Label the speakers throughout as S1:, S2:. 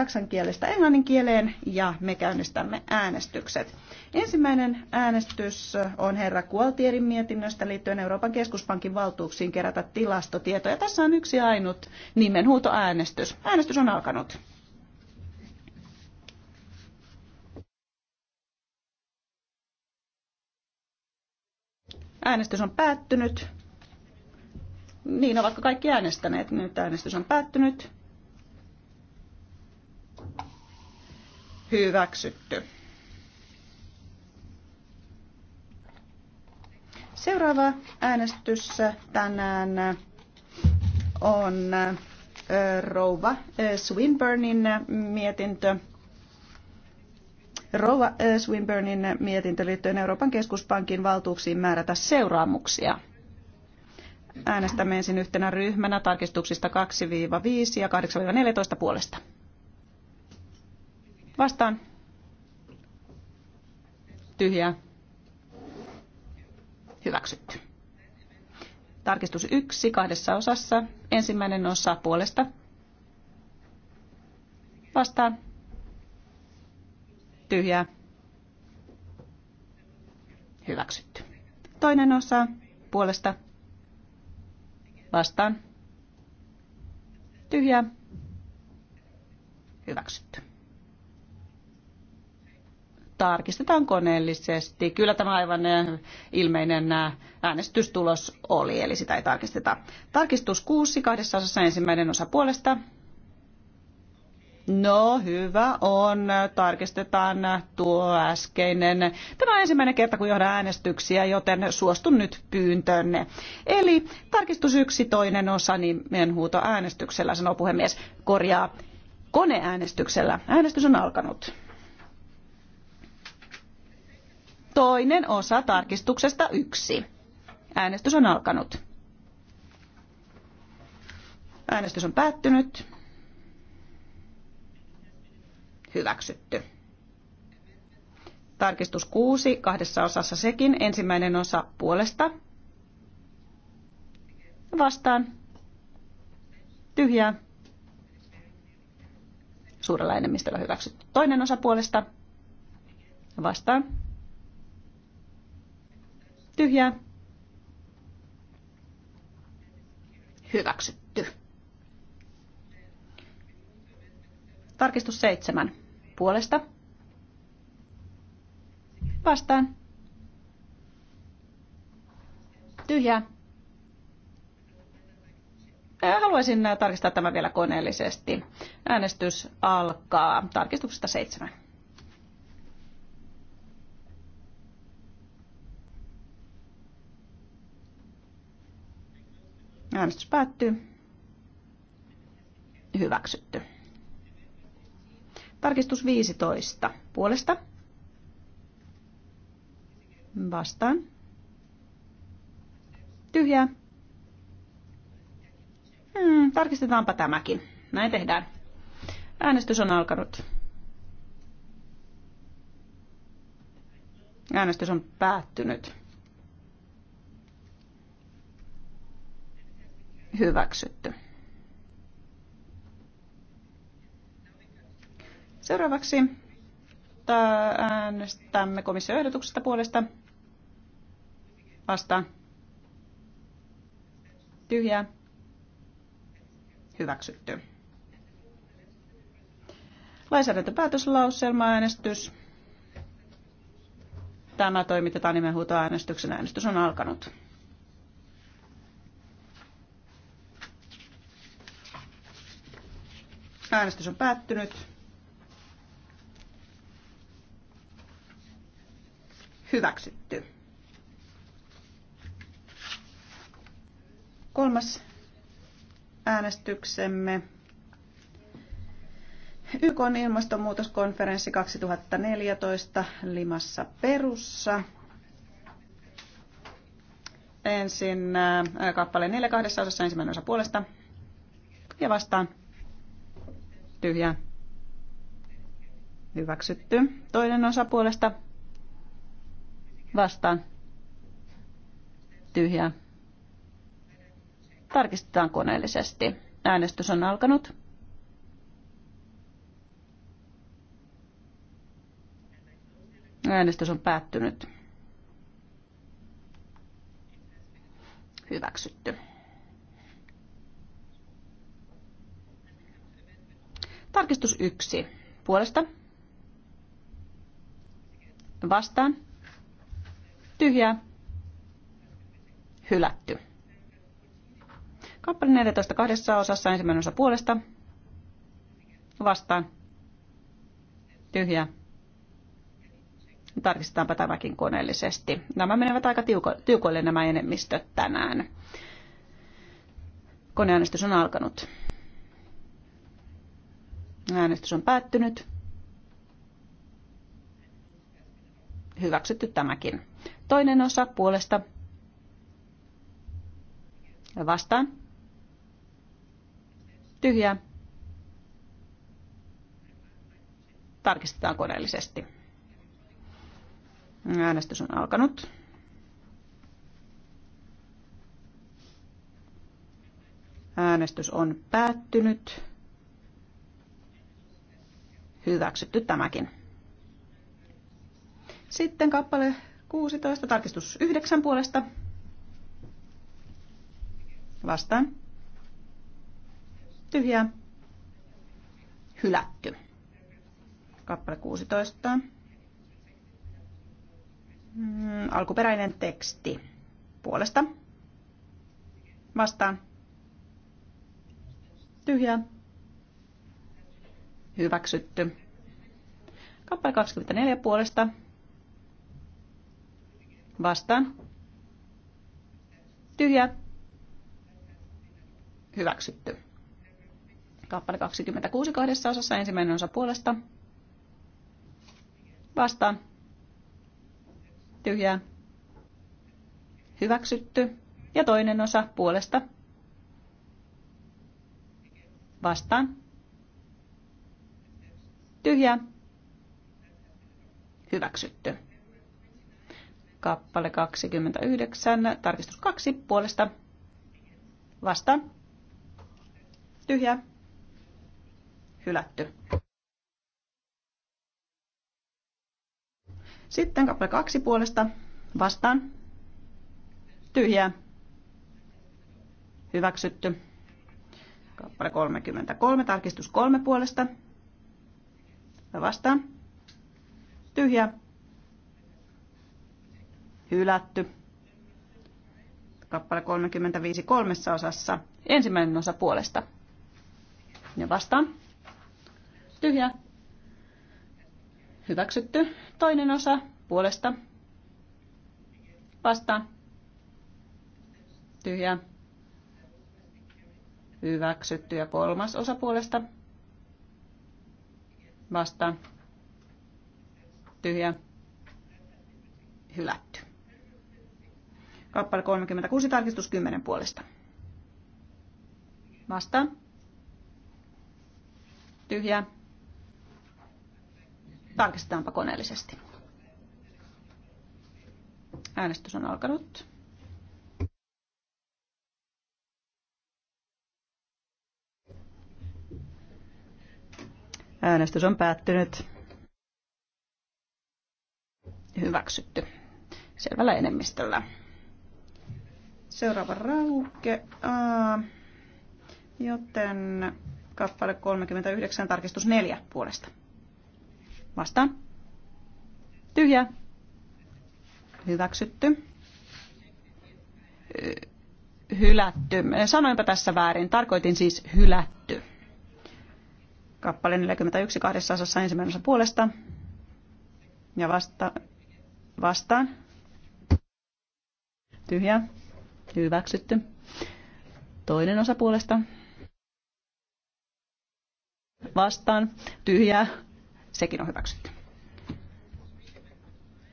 S1: saksan kielestä englannin kieleen ja me käynnistämme äänestykset. Ensimmäinen äänestys on herra Kualtierin mietinnöstä liittyen Euroopan keskuspankin valtuuksiin kerätä tilastotietoja. Tässä on yksi ainut nimenhuutoäänestys. Äänestys on alkanut. Äänestys on päättynyt. Niin, ovatko kaikki äänestäneet? Nyt äänestys on päättynyt. hyväksytty. Seuraava äänestys tänään on rouva Swinburnin mietintö. Rouva Swinburnin mietintö liittyen Euroopan keskuspankin valtuuksiin määrätä seuraamuksia. Äänestämme ensin yhtenä ryhmänä tarkistuksista 2-5 ja 8-14 puolesta. Vastaan. Tyhjää. Hyväksytty. Tarkistus yksi kahdessa osassa. Ensimmäinen osa puolesta. Vastaan. Tyhjää. Hyväksytty. Toinen osa puolesta. Vastaan. Tyhjää. Hyväksytty tarkistetaan koneellisesti. Kyllä tämä aivan eh, ilmeinen eh, äänestystulos oli, eli sitä ei tarkisteta. Tarkistus 6, kahdessa osassa ensimmäinen osa puolesta. No hyvä on, tarkistetaan tuo äskeinen. Tämä on ensimmäinen kerta, kun johdan äänestyksiä, joten suostun nyt pyyntöönne. Eli tarkistus yksi toinen osa niin huuto äänestyksellä, sanoo puhemies, korjaa koneäänestyksellä. Äänestys on alkanut. Toinen osa tarkistuksesta yksi. Äänestys on alkanut. Äänestys on päättynyt. Hyväksytty. Tarkistus kuusi kahdessa osassa sekin. Ensimmäinen osa puolesta. Vastaan. Tyhjää. Suurella enemmistöllä hyväksytty. Toinen osa puolesta. Vastaan Tyhjää. Hyväksytty. Tarkistus seitsemän. Puolesta. Vastaan. Tyhjää. Äh, haluaisin äh, tarkistaa tämän vielä koneellisesti. Äänestys alkaa tarkistuksesta seitsemän. Äänestys päättyy. Hyväksytty. Tarkistus 15. Puolesta. Vastaan. Tyhjää. Hmm, tarkistetaanpa tämäkin. Näin tehdään. Äänestys on alkanut. Äänestys on päättynyt. hyväksytty. Seuraavaksi äänestämme komission ehdotuksesta puolesta. Vastaan. tyhjä Hyväksytty. Lainsäädäntöpäätöslauselma äänestys. Tämä toimitetaan nimenhuutoäänestyksen. Äänestys on alkanut. Äänestys on päättynyt. Hyväksytty. Kolmas äänestyksemme. YK on ilmastonmuutoskonferenssi 2014 Limassa Perussa. Ensin äh, kappale 42 kahdessa osassa ensimmäinen osa puolesta ja vastaan tyhjä hyväksytty. Toinen osa puolesta vastaan tyhjä Tarkistetaan koneellisesti. Äänestys on alkanut. Äänestys on päättynyt. Hyväksytty. Tarkistus 1. Puolesta. Vastaan. Tyhjää. Hylätty. Kappale 14 kahdessa osassa ensimmäinen osa puolesta. Vastaan. Tyhjää. Tarkistetaanpa tämäkin koneellisesti. Nämä menevät aika tiuko- tiukoille nämä enemmistöt tänään. Koneäänestys on alkanut. Äänestys on päättynyt. Hyväksytty tämäkin. Toinen osa puolesta. Vastaan. Tyhjää. Tarkistetaan koneellisesti. Äänestys on alkanut. Äänestys on päättynyt hyväksytty tämäkin. Sitten kappale 16, tarkistus 9 puolesta. Vastaan. tyhjä Hylätty. Kappale 16. Mm, alkuperäinen teksti. Puolesta. Vastaan. Tyhjä. Hyväksytty. Kappale 24 puolesta. Vastaan. Tyhjä. Hyväksytty. Kappale 26 kahdessa osassa ensimmäinen osa puolesta. Vastaan. Tyhjä. Hyväksytty. Ja toinen osa puolesta. Vastaan tyhjä, Hyväksytty. Kappale 29, tarkistus 2 puolesta. vasta, tyhjä, Hylätty. Sitten kappale 2 puolesta. Vastaan. tyhjä, Hyväksytty. Kappale 33, tarkistus 3 puolesta Vastaan. Tyhjä. Hylätty. Kappale 35 kolmessa osassa. Ensimmäinen osa puolesta. Ja vastaan. Tyhjä. Hyväksytty. Toinen osa puolesta. Vastaan. Tyhjä. Hyväksytty. Ja kolmas osa puolesta vastaan tyhjä hylätty. Kappale 36, tarkistus 10 puolesta. Vastaan. Tyhjä. Tarkistetaanpa koneellisesti. Äänestys on alkanut. Äänestys on päättynyt. Hyväksytty. Selvällä enemmistöllä. Seuraava rauke. joten kappale 39, tarkistus 4 puolesta. Vastaan. Tyhjä. Hyväksytty. Hylätty. Sanoinpa tässä väärin. Tarkoitin siis hylätty. Kappale 41 kahdessa osassa ensimmäisen osa puolesta ja vasta, vastaan. Tyhjä. Hyväksytty. Toinen osa puolesta. Vastaan. tyhjä Sekin on hyväksytty.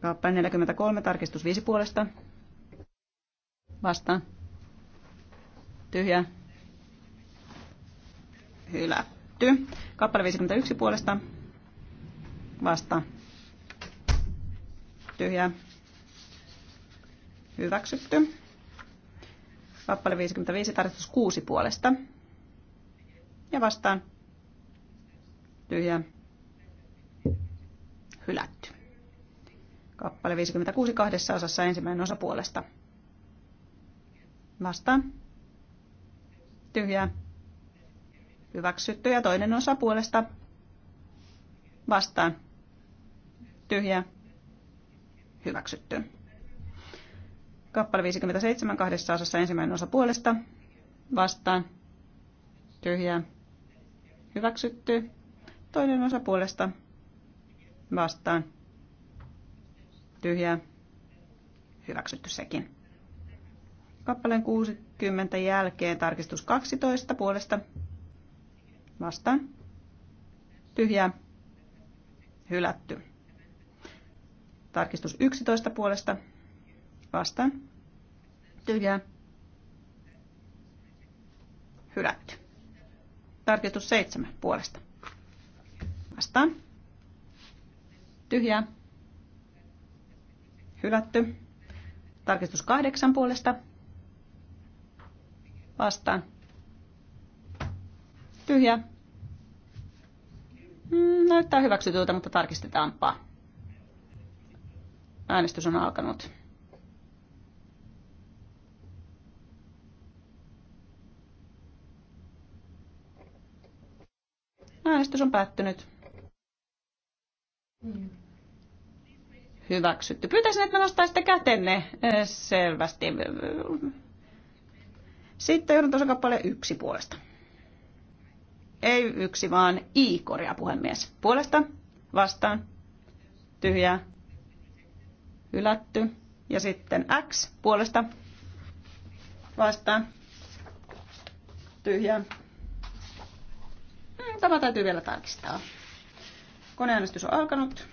S1: Kappale 43, tarkistus 5 puolesta. Vastaan. Tyhjä. hyvä päättyy. Kappale 51 puolesta vasta tyhjää hyväksytty. Kappale 55 tarkistus 6 puolesta ja vastaan tyhjää hylätty. Kappale 56 kahdessa osassa ensimmäinen osa puolesta. Vastaan. Tyhjää. Hyväksytty. Ja toinen osa puolesta vastaan. Tyhjä. Hyväksytty. Kappale 57 kahdessa osassa ensimmäinen osa puolesta vastaan. Tyhjä. Hyväksytty. Toinen osa puolesta vastaan. Tyhjä. Hyväksytty sekin. Kappaleen 60 jälkeen tarkistus 12 puolesta Vastaan. Tyhjää. Hylätty. Tarkistus 11 puolesta. Vastaan. Tyhjää. Hylätty. Tarkistus 7 puolesta. Vastaan. Tyhjää. Hylätty. Tarkistus 8 puolesta. Vastaan. Tyhjä. Mm, näyttää hyväksytyltä, mutta tarkistetaanpa. Äänestys on alkanut. Äänestys on päättynyt. Hyväksytty. Pyytäisin, että nostaisitte kätenne eh, selvästi. Sitten joudun tuossa kappale yksi puolesta ei yksi, vaan i korjaa puhemies. Puolesta, vastaan, tyhjää, hylätty. Ja sitten x puolesta, vastaan, tyhjää. Hmm, tämä täytyy vielä tarkistaa. Koneäänestys on alkanut.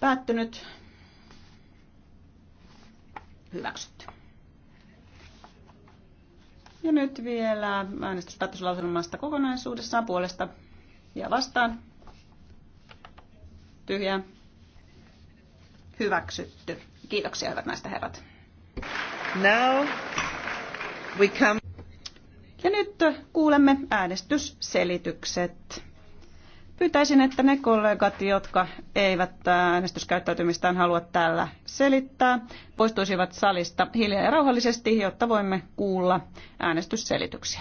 S1: Päättynyt hyväksytty. Ja nyt vielä äänestyspäätöslauselmasta kokonaisuudessaan puolesta ja vastaan. Tyhjä. Hyväksytty. Kiitoksia hyvät näistä herrat. Now we come. Ja nyt kuulemme äänestysselitykset. Pyytäisin, että ne kollegat, jotka eivät äh, äänestyskäyttäytymistään halua täällä selittää, poistuisivat salista hiljaa ja rauhallisesti, jotta voimme kuulla äänestysselityksiä.